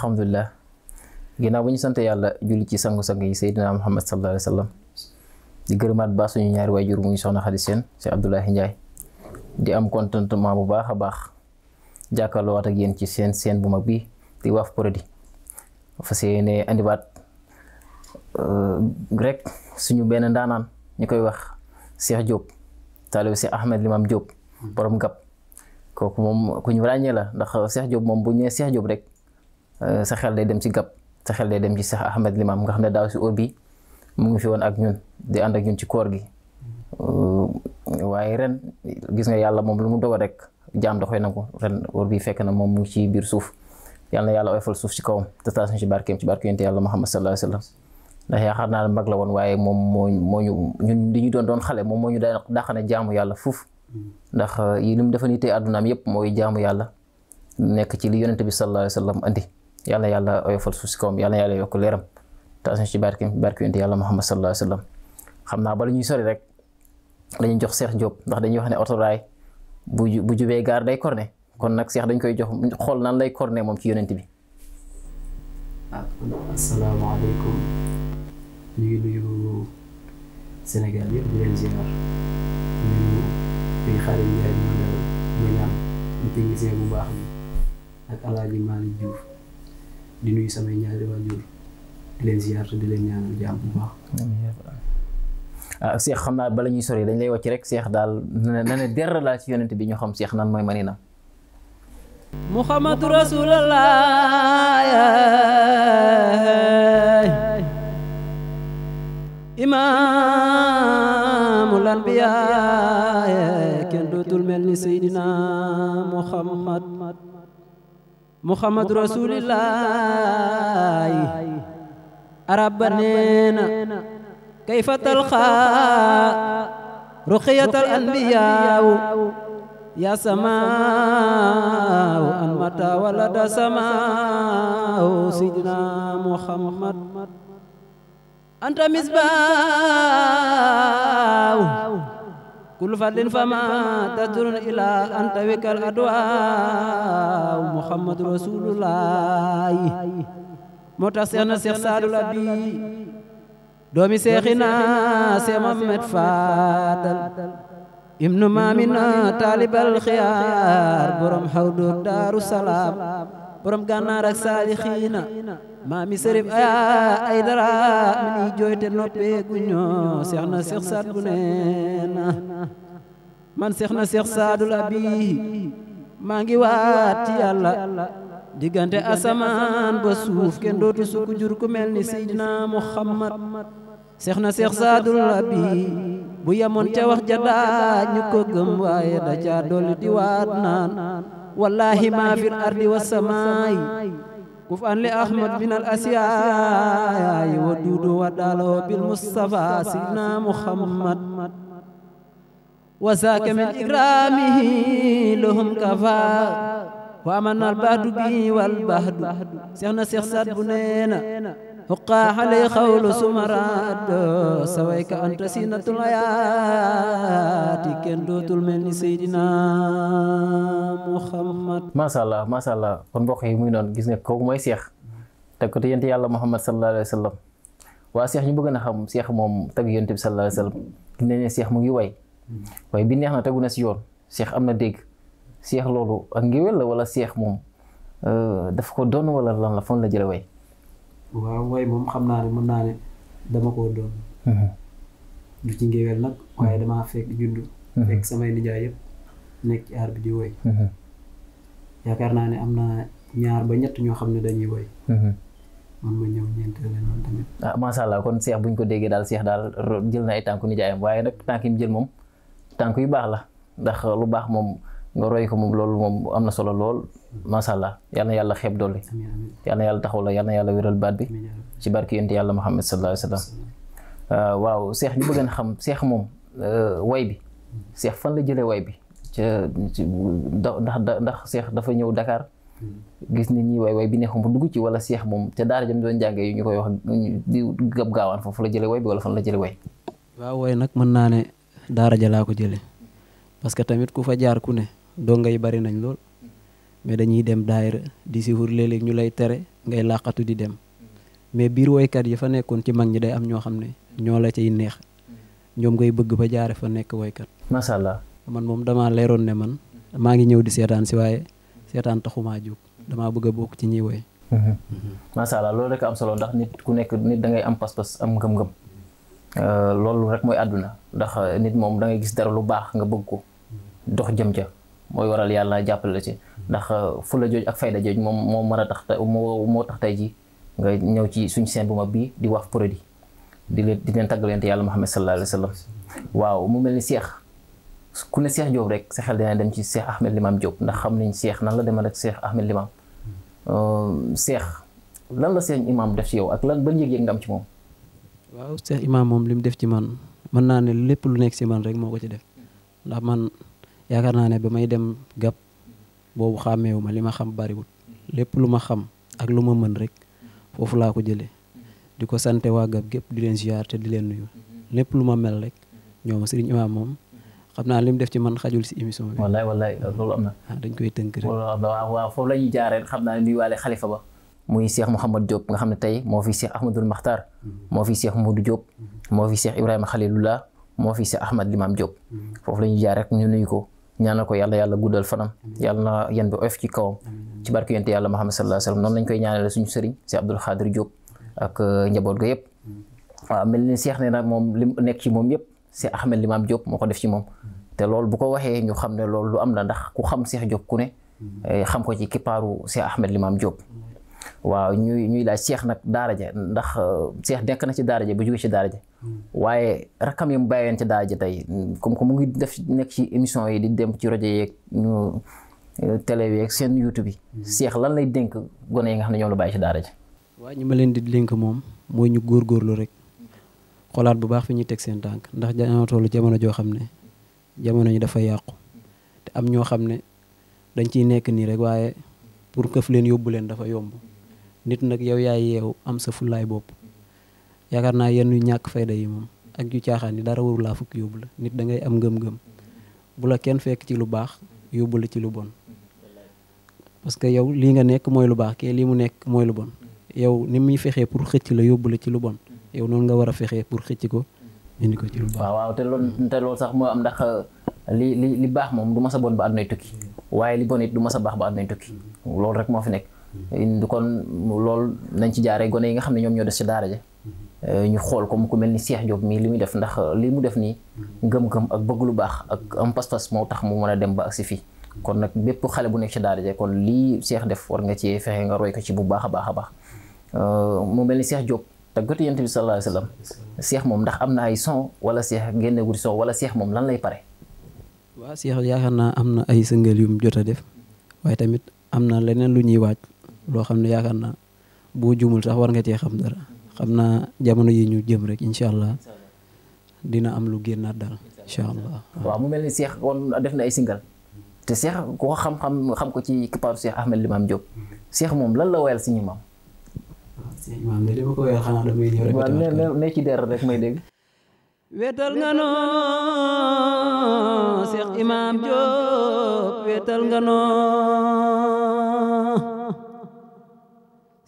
alhamdulilah ginnaaw bu ñu sant yàlla julli ci sangu-sang yi Seydina Muhammad sallallahu alayhi wa sallam di gërëmaat baax suñu ñaari waajur muy soxna Xadi Seen si Abdoulahi Ndiaye di am contentement bu baax a baax jàkkaarloo waat ak yéen ci seen seen bu mag bi di Waaf Produit fas yéene andiwaat euh, rek suñu benn ndaanaan ñu koy wax Cheikh Diop taalibu Cheikh Ahmed Limam Diop borom gab kooku moom ku ñu ràññee la ndax Cheikh Diop moom bu ñu nee Cheikh rek Euh, sa xel day dem ci gab sa xel day dem ci Cheikh Ahmed Limam nga xam ne daaw si obi mu ngi fi woon ak ñun di ànd ak ñun ci koor gi euh, waaye ren gis nga yàlla moom lu mu dogal rek jaam da koy nangu ren wóor bi fekk na moom mu ngi ci biir suuf yàlla na yàlla oyofal suuf ci kawam te taas ñu ci barkeem ci barke yonent yàlla Muhammad sallallahu alayhi sa sallam ndax yaakaar naa ne mag la woon waaye moom moo moo ñu ñun li ñu doon doon xale moom moo ñu daan dàq ne jaamu yàlla fuuf ndax euh, yi li mu defa ni tey àddunaam yëpp mooy jaamu yàlla nekk ci li yonent bi sallallahu alayhi wa sallam andi yàlla yàlla oyofal suuf yàlla yàlla yokk leeram te asuñ ci barke yàlla Muhammad sallallahu alayhi wa xam naa bala ñuy sori rek dañuy jox seex Diop ndax dañuy wax ne otoraay bu bu jubee gaar day corné kon nag Cheikh dañ koy jox xool nan lay corné moom ci yonent bi. waaw ah, asalaamaaleykum ñu ngi di nuyu samay ñaari waajur di leen ziar di leen ñaanal jàmm ah Cheikh xam naa bala ñuy sori dañ lay wàcc rek Cheikh daal na ne laa ci yonent bi ñoo xam Cheikh nan mooy Manina. Muhammadu Rasulullah imaamul anbiyaa kenn dootul mel ni Seydina Muhammad. muhammad rasuulillaahi arab ba neena kayfa talqaa ruqiyatal anbiyaawu yaa samaawu an mata walada samaawu sidna muhammad anta misbaawu كل فضل فما تدر إلى أن توك الأدواء محمد رسول moo tax seex seex saadu la doomi seexina seex Muhammad Fadal ibnu maamina taalibal xiyaar borom xawdu daaru borom gànnaar ak saalixiina maami sërif ay dara mi jooyte noppee gu seex na seex saat gu neena man seex na seex saadul abiihi maa ngi waat ci yàlla diggante asamaan ba suuf kenn dootu sukk jur ku mel ni seydina muhammad seex na seex saadul abiihi bu yemoon ca wax ja daa ñu ko gëm waaye da caa dolli di waat naan wallahi ma fi ardi wa samaa'i kuf an li ahmad min al asiyaayi wa duudu wa daalo bil mustafa sidna muhammad wa saaka min ikramihi lahum kafa wa amanna al bahdu bi wal bahdu seex na seex saad bu neena حقا علي قول سمراد سويك أنت سينة الآيات kenn dootul mel ni Seydina Muhammad macha allah macha allah kon mbokk yi muy noonu gis nga kooku mooy seex te ko te yonent yàlla Muhammad sallallahu alayhi waa seex ñu bëgg na xam seex moom tagg yonent bi sallallahu alayhi seex mu ngi way waaye bi neex na tegu na si yoon seex am na dégg seex loolu ak ngéwél la wala seex moom daf ko doon wala lan la foog la jële way waaw way moom xam naa ne mën naa ne dama koo doon mhm. du ci ngéwél nag waaye mhm. dama fekk juddu mhm. fekk samay nijaay yëpp nekk ci aar bi di woy yaakaar naa ne am na ñaar ba ñett ñoo xam ne dañuy woy man ma ñëw ñeenteel man tamit ah macha allah kon Cheikh buñ ko déggee daal seex daal jël na ay tànku nijaayam waaye nag tànk yi jël moom tànk yu baax la ndax lu baax moom nga roy ko moom loolu moom am na solo lool macha allah yal na yàlla xeeb dolli yal na yàlla taxaw la yal yàlla wéral baat bi ci barki yonent yàlla Muhammad sallallahu alayhi wa sallam ah, waaw seex ñu bëgg a xam seex moom ah, way bi seex fan la jëlee way bi ca ndax ndax seex dafa ñëw Dakar gis nit ñi way way bi neexum bu dugg ci wala seex moom te daara jëm doon jàngee yu ñu koy wax di gab gaawaan foofu la jëlee way wala fan la jëlee way waaw way nag mën naa ne daara ja ko jële parce tamit ku fa jaar ku ne donga yi bari nañ lool mais dañuy dem daayira di si wër léeg ñu lay tere ngay làqatu di dem mais biir woykat yi fa nekkoon ci mag ñi day am ñoo xam ne ñoo la cay neex ñoom ngay bëgg ba jaare fa nekk woykat macha allah man moom damaa leeroon ne man maa ngi ñëw di seetaan si waaye seetaan taxumaa jóg damaa bëgg bokk ci ñi woy mhm. mhm. macha loolu rek am solo ndax nit ku nekk nit da ngay am pas-pas am ngëm-ngëm euh, loolu rek mooy àdduna ndax nit moom da ngay gis dara lu baax nga bëgg ko dox jëm ca mooy waral yàlla jàppale la ci ndax euh, fula jooj ak fayda jooj moom moom mën a tax moo moo tax tey ji nga ñëw ci suñ seen bu mag bii di waaf di leen di leen tàggalante yàlla Muhammad sallallahu alayhi wa sallam waaw mu mel ni seex ku ne seex Diop rek sa xel dina dem ci seex Ahmed Limam Diop ndax xam nañ seex nan la demee rek seex Ahmed Limam seex euh, lan la seen imaam def ci yow ak lan ban yëg-yëg am ci moom. waaw seex moom li mu def ci man mën naa ne lépp lu nekk si man rek moo ko ci def ndax man. yaakaar naa ne ba may dem gàpp boobu xàmmeewu ma li ma xam bariwul lépp lu ma xam ak lu ma mën rek foofu laa ko jëlee di ko sante waa gàpp gépp di leen ziar te di leen nuyu lépp lu ma mel rek ñoom sëriñ imaam moom xam naa li mu def ci man xajul si émission bi. wallaay wallaay loolu am ah, dañ koy tënk rek. waaw waaw foofu la ñuy jaaree xam naa nuyuwaale xalifa ba. muy Cheikh Mouhamed Diop nga xam ne tey moo fi Cheikh Ahmadul Makhtar. moo fi seex Modou Diop. moo fi Cheikh Ibrahima Khalilullah moo fi Cheikh Ahmad Limam Diop. Mm-hmm. foofu lañuy jaar rek ñu nuyu ko. ñaanal ko yàlla yàlla guddal fanam yàlla na yan bi oyof ci kawam ci barke yonent yàlla Muhammad sallallahu alayhi wa sallam noonu lañ koy ñaanale suñu sëriñ see Abdul Xaadir Diop ak uh, njaboot ga yëpp waaw mel ni Cheikh nee moom li nekk ci moom yëpp si Ahmed Limam Diop moo ko def ci moom te loolu bu ko waxee ñu xam ne loolu lu am la ndax ku xam seex Diop ku ne eh, xam ko ci kippaaru si Ahmed Limam Diop waaw ñuy ñuy laaj seex nag daara ja ndax euh, seex nekk na ci daara ja ba jóge ci daara ja hmm. waaye rakam yi mu bàyyiwoon ci daara ja tey comme que mu ngi def nekk ci émission yi di dem ci rajo yeeg ñu euh, seen YouTube yi. Hmm. seex lan lay denk gone yi nga xam ne ñoom la bàyyi ci daara ja. waaw ñi ma leen di dénk moom mooy ñu góorgóorlu rek xoolaat bu baax fi ñu teg seen tànk ndax dañoo toll jamono joo xam ne jamono ñi dafa yàqu te am ñoo xam ne dañ ciy nekk nii rek waaye pour këf leen yóbbu leen dafa yomb. nit nag yow yaay yeew am sa fullaay bopp yaakaar naa yenn yu ñàkk fayda yi moom ak yu caaxaan yi dara warulaa fukk yóbbu la nit dangay am ngëm-ngëm bu la kenn fekk ci lu baax yóbbu la ci lu bon parce que yow lii nga nekk mooy lu baax kee lii mu mooy lu bon yow ni muy fexee pour xëcc la yóbbu la ci lu bon yow noonu nga war a fexee pour xëcc ko indi ko ci lu baax. waaw te loolu te sax moo am ndax euh, li li li baax moom du ma sa bon ba àddunay tukki waaye li bon it du ma sa baax ba àddunay tukki loolu rek moo fi nekk kon loolu nañ ci jaaree gone yi nga xam ne ñoom ñoo des ci daara ja mm-hmm. ñu xool ko ku mel ni Cheikh Diop mii li muy def ndax li mu def nii mm-hmm. ngëm-ngëm ak bëgg lu baax ak am pas-pas moo tax mu mën a dem ba ak si fii kon nag bépp xale bu nekk ci daara ja kon lii Cheikh def war nga ci fexe nga roy ko ci bu baax a baax a baax euh, mu mel ni Cheikh Diop tàggatu yonent bi sallallahu alayhi wasallam Cheikh moom ndax am na ay son wala Cheikh génne guddi son wala Cheikh moom lan lay pare waaw Cheikh yaakaar naa am na ay sëngal yum jot a def waaye tamit am na leneen lu ñuy waaj loo xam ne yaakaar naa boo jumul sax war nga cee xam dara xam naa jamono yi ñu jëm rek incha allah dina am lu génnaat daal incha allah. waaw mu mel ni Cheikh kon def na ay singal te seex ko xam-xam xam ko ci kippaaru Cheikh Ahmed Limam Diop Cheikh moom lan la woyal suñu maam. suñu de ci der rek may dégg. wetal nga noo Cheikh Imam Diop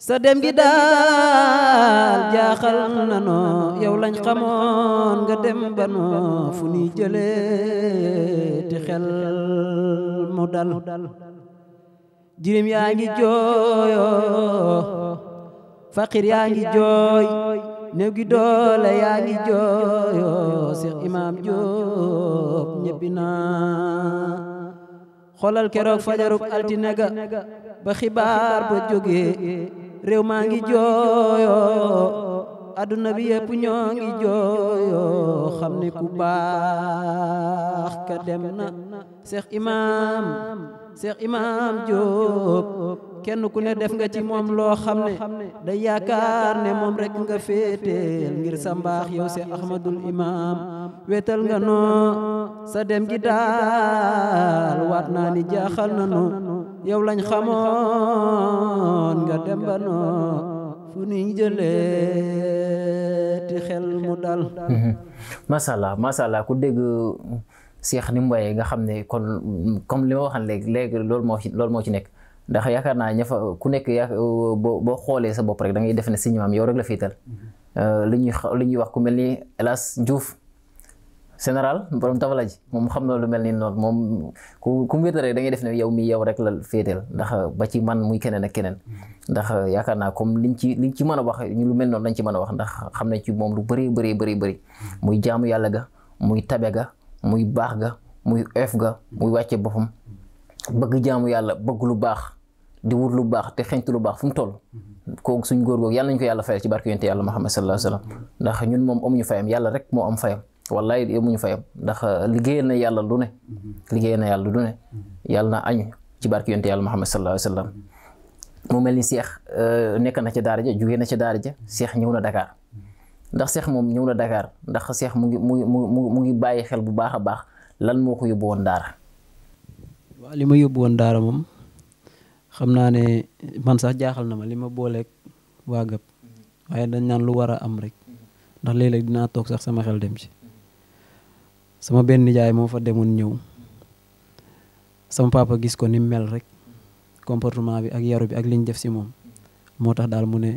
sa dem gi daal jaaxal na noo yow lañ xamoon nga dem ba noo fu ñuy jëlee ti xel mu dal jirim yaa ngi jooyoo faqir yaa ngi jooy néew gi doole yaa ngi jooyoo seex imaam Jóob ñëppi naa xoolal keroog fajaruk altiné ga ba xibaar ba jógee réew maa ngi jooyoo adduna bi yëpp ñoo ngi jooyoo xam ne ku baax ka dem na Cheikh Imam Cheikh Imam Diop kenn ku ne def nga ci moom loo xam ne day yaakaar ne moom rek nga féeteel ngir sa mbaax yow Cheikh Ahmadul Imam wetal nga noo sa dem gi daal waat naa ni jaaxal na noo yow lañ xamoon nga dem ba fu ñuy jëlee ti xel mu dal. macha allah macha allah ku dégg Cheikh ni Mbaye nga xam ne kon comme li ma waxoon léegi léegi loolu moo ci loolu moo ci nekk. ndax yaakaar naa ña fa ku nekk ya boo boo xoolee sa bopp rek dangay def ne si ñoom yow rek la fiital mm-hmm. euh, li ñuy ñuy wax ku mel ni El Hadj général borom tabala ji moom xam na lu mel ni noonu moom ku ku mu wétare da def na yow mi yow rek la féeteel ndax ba ci man muy keneen ak keneen ndax yaakaar naa comme liñ ci liñ ci mën a wax ñu lu mel noonu lañ ci mën a wax ndax xam nañ ci moom lu bëri bëri bëri bëri muy jaamu yàlla ga muy tabe ga muy baax ga muy oyof muy wàcce boppam bëgg jaamu yàlla bëgg lu baax di wut lu baax te xeñtu lu baax fu toll kooku suñ góor googu yàlla nañ ko yàlla fayal ci barke yonent yàlla Muhammad sallallahu alayhi wa ndax ñun moom amuñu fayam yàlla rek moo am fayam wallaay yemuñu fayam ndax euh, liggéeyal na yàlla lu ne liggéeyal na yàlla lu ne yàlla na añ ci barke yonte yàlla Muhammad sallallahu mu mel ni seex euh, nekk na ca daara ja jugee na ca daara ja seex ñëw na dakaar ndax seex moom ñëw na Dakar ndax seex mu ngi mu ngi mu bàyyi xel bu baax a baax lan moo ko yóbbu woon daara waaw li ma yóbbu woon daara moom xam naa ne man sax jaaxal na ma li ma booleek waa gab waaye dañ naan lu war a am rek ndax léeg dinaa toog sax sama xel dem sama benn nijaay moo fa demoon ñëw sama papa gis ko ni mu mel rek comportement bi ak yaru bi ak liñ def si moom moo tax daal mu ne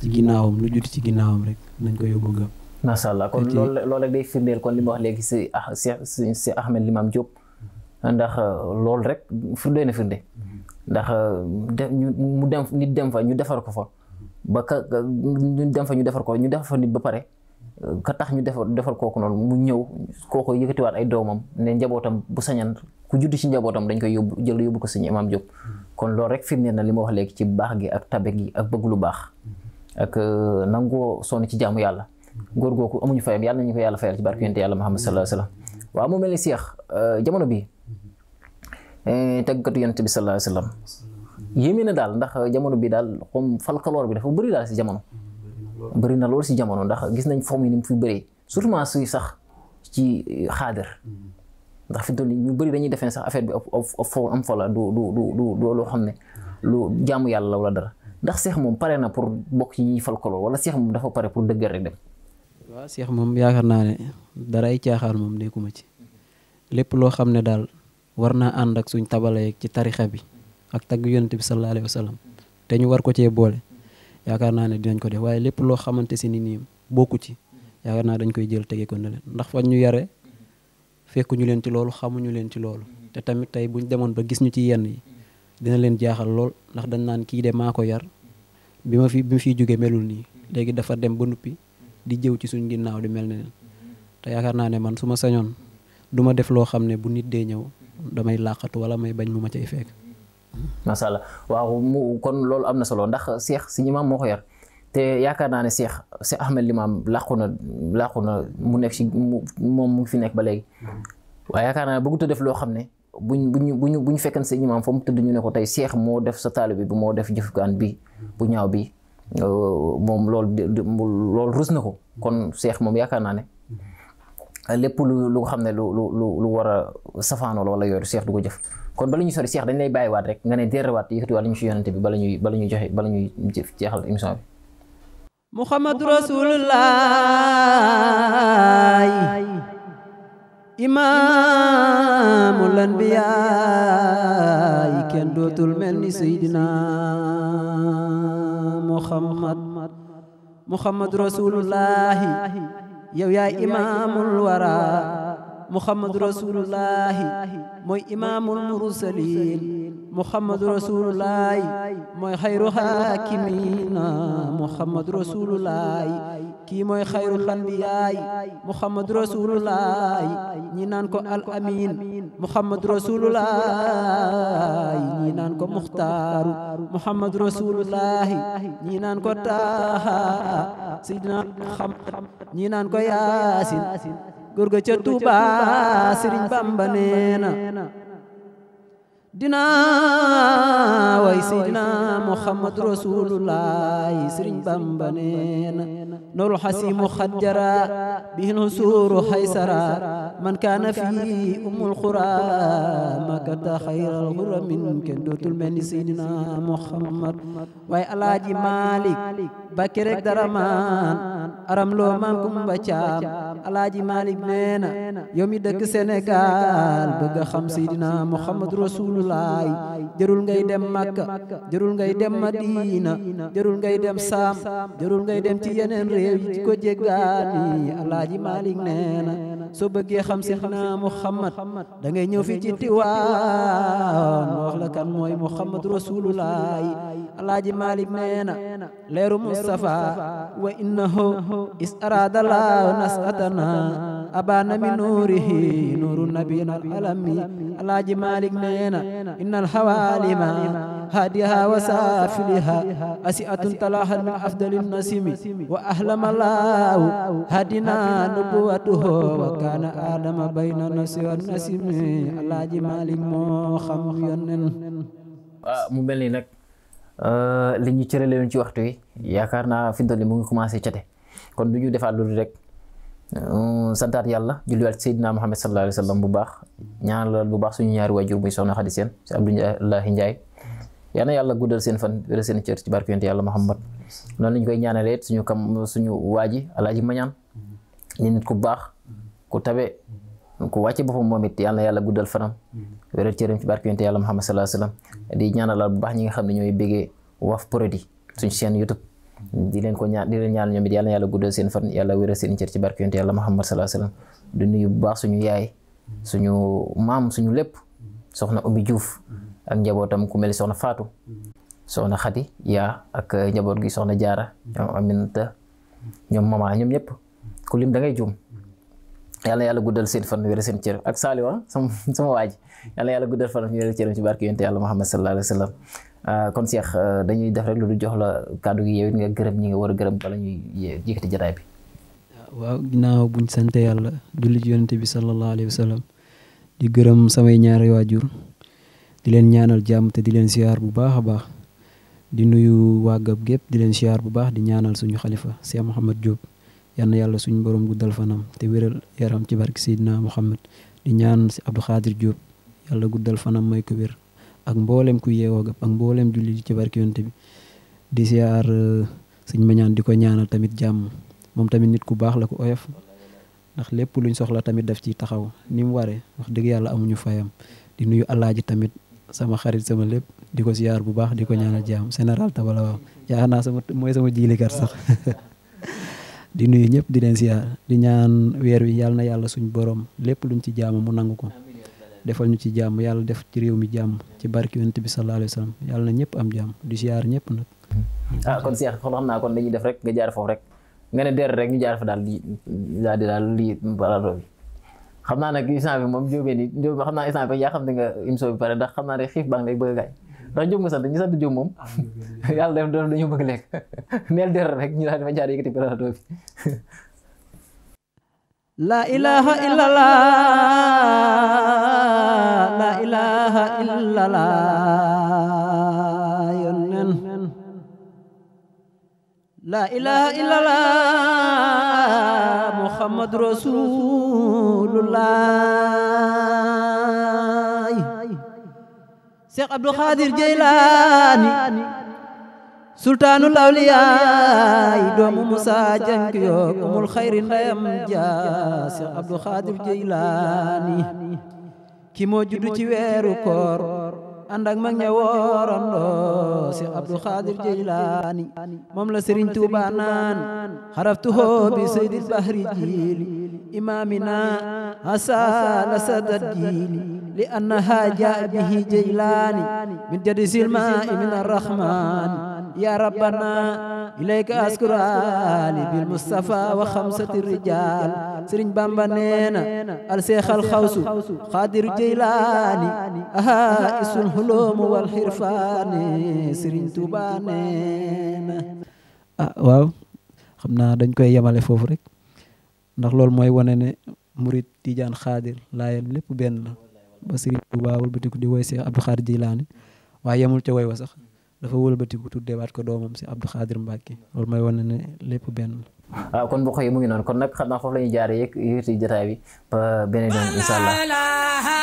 ci ginnaawam lu judd ci ginnaawam rek nañ ko yóbbu gëm. macha allah kon lool loolu rek kon li ma wax léegi si ah si si Ahmed Limam Diop euh, loolu rek firndee na firnde ndax euh, de mu dem fa ñu defar ko fa ba ka ñu dem fa ñu defar ko ñu defar fa nit ba pare. ka tax ñu defar defar kooku noonu mu ñëw kooku yëkkatiwaat ay doomam ne njabootam bu sañan ku judd ci njabootam dañ koy yóbbu jël yóbbu ko sëñ Imaam Diop kon loolu rek firndeel na li ma wax léegi ci baax gi ak tabe gi ak bëgg lu baax ak euh, nangoo sonn ci jaamu yàlla góor googu amuñu fayam yàlla ñu ko yàlla fayal ci barke yonent yàlla Muhammad sallallahu alayhi wa sallam waaw mu mel ni yax euh, jamono bi euh, tàggatu yonent bi sallallahu alayhi wa sallam yéeme na daal ndax jamono bi daal comme falkaloor bi dafa bëri daal si jamono bëri na loolu si jamono ndax gis nañ forme yi ni mu fi bëree surtout suy sax ci euh, xaadar ndax fi doon ñu bëri dañuy defee sax affaire bi fo am fo la du du du du loo xam ne lu jaamu yàlla la wala dara ndax seex moom pare na pour bokk ci ñuy falkaloo wala seex moom dafa pare pour dëggal rek dem. waaw seex moom yaakaar naa ne dara ay caaxaan moom nekkuma ci lépp loo xam ne daal war naa ànd ak suñ tabala yeeg ci tarixa bi ak tagg yonent bi sallallahu alayhi wa sallam te ñu war ko cee boole. yaakaar naa ne dinañ ko def waaye lépp loo xamante si ni nii bokku ci yaakaar naa dañ koy jël tege ko na ndax fa ñu yare fekkuñu leen ci loolu xamuñu leen ci loolu te tamit tey buñ demoon ba gis ñu ci yenn yi dina leen jaaxal lool ndax dañ naan kii de maa ko yar bi ma fi bi ma fiy jógee melul nii léegi dafa dem ba nuppi di jëw ci suñ ginnaaw di mel ne leen te yaakaar naa ne man su ma sañoon du def loo xam ne bu nit dee ñëw damay làqatu wala may bañ mu ma cay fekk macha allah waaw mu kon loolu am na solo ndax seex si ñimaam moo ko yar te yaakaar naa ne seex si Ahmed Limaam làqu na làqu na mu nekk si moom mu ngi fi nekk ba léegi waaye yaakaar naa ne bëggut a def loo xam ne buñ buñ buñ buñ fekkan sa imaam fa mu tëdd ñu ne ko tey seex moo def sa taalibe bi moo def jëfukaan bi bu ñaaw bi euh, moom loolu loolu rus na ko kon seex moom yaakaar naa ne lépp lu lu xam ne lu lu lu war a safaanoo la wala yooyu seex du ko jëf kon bala ñuy sori seex dañ lay bàyyiwaat rek nga ne der yëkkati wàlla ñu si yonante bi bala ñuy bala ñuy joxe bala ñuy jeexal émission bi muhammadu rasulullahi imaamul anbiyaay kenn dootul mel ni seydina muhammad muhammadu rasulullahi yow yaay imaamul waraa muhammadu rasulullahi mooy imaamul mursaliin muhammadu rasulullahi mooy xayru haakimiina muhammadu rasulullahi kii mooy xayrul anbiyaay muhammadu rasulullahi ñi naan ko al amiin muhammadu rasulullahi ñi naan ko muxtaaru muhammadu rasulullahi ñi naan ko taaha sidna xam ñi naan ko yaasin góor ga ca Tuuba Sëriñ dinaa way seydina muhammad rasulullahi sëriñ bamba neena noorul xasimu xajjara bihin husuuru xaysara man kaana fi umul xura makata xayral xura min kenn dootul mel ni seydina alaaji malik bakke rek dara aram loo man kumba caam alaaji malik neena yow mi dëkk sénégal bëgg xam seydina muhammad rasul rasulullaay jërul ngay dem Makka jërul ngay dem Madina jërul ngay dem Saam jërul ngay dem ci yeneen réew yi ko jéggaani Alaaji Maalik nee na soo bëggee xam Seexna Muhammad da ngay ñëw fi ci Tiwaawan wax la kan mooy Muhammad rasulullaay Alaaji Maalik nee na leeru Mustafa wa innahu is araada laa nasatana abaana mi nuurihi nuuru nabiyina alami alaaji malik neena inna alxawaalima haadiha wa saafiliha asiatun min afdali nasimi wa ahlamalaahu hadina nubuwatuhu wa kaana aadama bayna nasimi alaaji malik moo xam yonnen ah, mu mel ni nag ah, li ñu cërale woon ci waxtu yi yaakaar naa fi mu toll nii mu ngi commencé cate kon du ñu defaat loolu rek Euh, santaat yàlla julliwaat Seydina Muhammad sallallahu alayhi wa sallam bu baax ñaanalal bu baax suñu ñaari waajur muy soxna Xadi Seen si Abdoulaye Ndiaye yal na yàlla guddal seen fan wéral seen cër ci barke yonent yàlla Muhammad noonu koy ñaanalee suñu kam suñu waaji alaaji mañaan ñu ku baax ku tabe ku wàcce boppam moom it yal yàlla guddal fanam wéral cëram ci barke yonent yàlla Muhammad sallallahu alayhi wa sallam di ñaanalal bu baax ñi nga xam ne ñooy béggee Waf Produit suñu chaîne YouTube di leen ko ñaan di leen ñoom it yàlla yàlla guddal seen fan yàlla wéral seen cër ci barke yonent yàlla Muhammad salaa salaam di nuyu bu baax suñu yaay suñu maam suñu lépp soxna Oumy Diouf ak njabootam ku mel ni soxna Fatou soxna Khady yaa ak njaboot gi soxna Diarra ñoom Aminata ñoom mama ñoom ñëpp ku lim da ngay juum yàlla yàlla guddal seen fan wéral seen cër ak Saliou ah, sama sama waa ji yàlla yàlla guddal fan wéral cëram ci barke yonent yàlla Muhammad salaa salaam Euh, kon Cheikh euh, dañuy def rek lu du jox la kàddu gi yow it nga gërëm ñi nga war a gërëm bala ñuy yëkkati jataay bi. Ah, waaw ginnaaw buñ sante yàlla julli ci bi sallallahu alayhi wa di gërëm samay ñaari waajur di leen ñaanal jàmm te di leen siyaar bu baax a baax di nuyu waa gépp di leen siyaar bu baax di ñaanal suñu xalifa Cheikh Mouhamed Diop yal yàlla suñu boroom guddal fanam te wéral yaram ci barke Seydina Mouhamed di ñaan si Abdou Khadir Diop yàlla guddal fanam may ko ak mbooleem ku yeewoo gab ak mboolem julli ci barke yonte bi di siyaar euh, sëñ mañaan di ko ñaanal tamit jàmm moom tamit nit ku baax la ko oyof ndax lépp luñ soxla tamit def ci taxaw ni mu waree wax dëgg yàlla amuñu fayam di nuyu alaaji tamit sama xarit sama lépp di ko siyaar bu baax di ko ñaanal jàmm général tabala waaw yaakaar naa sama mooy sama jiilikat sax di nuyu ñëpp di leen siyaar di ñaan weer wi yàlla na yàlla suñ borom lépp luñ ci jaamu mu nangu ko defal ñu ci jàmm yàlla def ci réew mi jàmm ci barki yonent bi sallallahu alayhi wa sallam yàlla na ñëpp am jàmm di ziar ñëpp nag. ah kon Cheikh kon xam naa kon dañuy def rek nga jaar foofu rek nga ne der rek ñu jaar fa daal di daal di daal lii balaa xam naa nag instant bi moom jógee ni jóge xam naa instant yaa xam ne nga émission bi pare ndax xam naa ne xiif baa ngi a gaay ndax moom yàlla def doon dañu bëgg lekk neel der rek ñu daal di ma jaar yëkkati plateau bi la ilaha illallah la ilaha illallah yonen la ilaha illallah muhammad rasulullah Cheikh Abdou Khadir Jeylaani sultaanul awliyaay doomu Musa jank yoog umul xayri ndeyam ja Seex Abdu Xaadir Jeylaani ki juddu ci weeru koor ànd ak mag ña woorandoo Seex Abdu Xaadir Jeylaani moom la Sëriñ Tuuba naan xaraftuhoo bi saydil bahri jiili imaamina asaala sadad jiili li annaha jaa bihi Jeylaani min jadisil maa'i min arrahmaani يا ربنا إليك أذكر آلي بالمصطفى وخمسة الرجال سرين بامبانينا السيخ الخوس قادر جيلاني أها إس الهلوم والحرفان سرين توبانينا waaw xam naa dañ koy yemale foofu rek ndax loolu mooy wane ne murit tijaan xaadir laayeen lépp benn la ba Sëriñ Tuubaa wëlbatiku di woy Seex Abdu Xaadir Jilaani waaye yemul ca dafa wëlbatiku waat ko doomam si Abdou Khadir Mbacke loolu mooy wane ne lépp benn la. waaw ah, kon mbokk yi mu ngi noonu kon nag xam naa foofu la ñuy jaaree yëkkati jotaay bi ba beneen